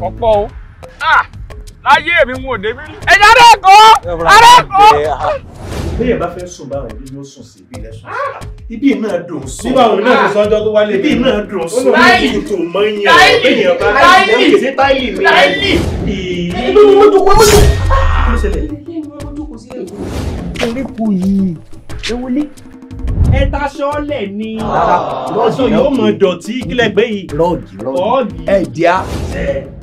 àkọ́pọ̀ o láyé mi wọn ò débi. ẹ̀yà náà kọ́ ara bẹ́ẹ̀ bá fẹ́ sùn báwọn ibi yóò sùn sí ibi ilẹ̀ sùn ibi náà dùn sùn. bí báwọn náà ti sọ́jọ́ tó wálé. ibi náà dùn sùn. láyì tó mọ yẹn o bẹ́ẹ̀ bá láyì sí mi. láyì. ìlú mọ́tòkó kí ló ṣẹlẹ̀ yìí. orí kò yìí ewúlé ẹ taṣọ lẹ̀ ni ah, aṣọ yóò mọ dọ̀tí kílẹ̀ pé yìí. rọ́ọ̀gì rọ́ọ̀gì ẹ díá.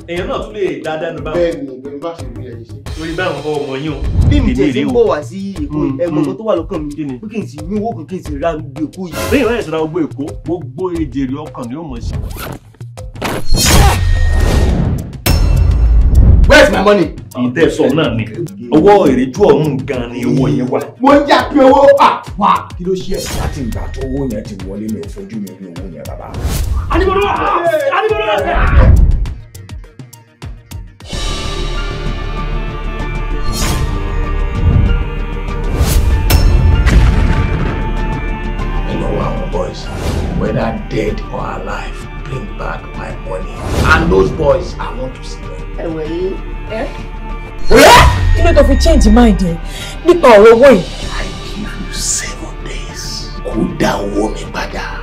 èèyàn náà tún lè dá dánu báwọn. bẹ́ẹ̀ni bẹ́ẹ̀ni bá ṣe bí ẹ ṣe. torí báwọn bọ ọmọ yín o. bí mi tẹ̀ sí bọ̀ wá sí èkó mm, ẹ̀gbọ́n mm. tó wà lọ́kàn mi kí n sì ní owó kan kí n sì ra gbogbo èkó yìí. bẹ́ẹ̀ wọ́n yẹ collect money. ìtẹ́ sọ náà ni owó ìrẹ́jú ọ̀hún gan ni owó yẹn wà. mo ń jà pé owó à ah, wà. kí ló ṣe ẹ̀sìn láti ìgbà tó owó yẹn ti wọlé mi ò fojú mi rí owó yẹn bàbá. adigun ló wà adigun ló wà. boys, whether dead or alive, bring back my money. And those boys, I want to see them. Hey, Eh? Eh? Eh? kí ló tó fi change your mind ẹ nípa ọ̀rọ̀ owó I give you seven days kó that woman, mi padà.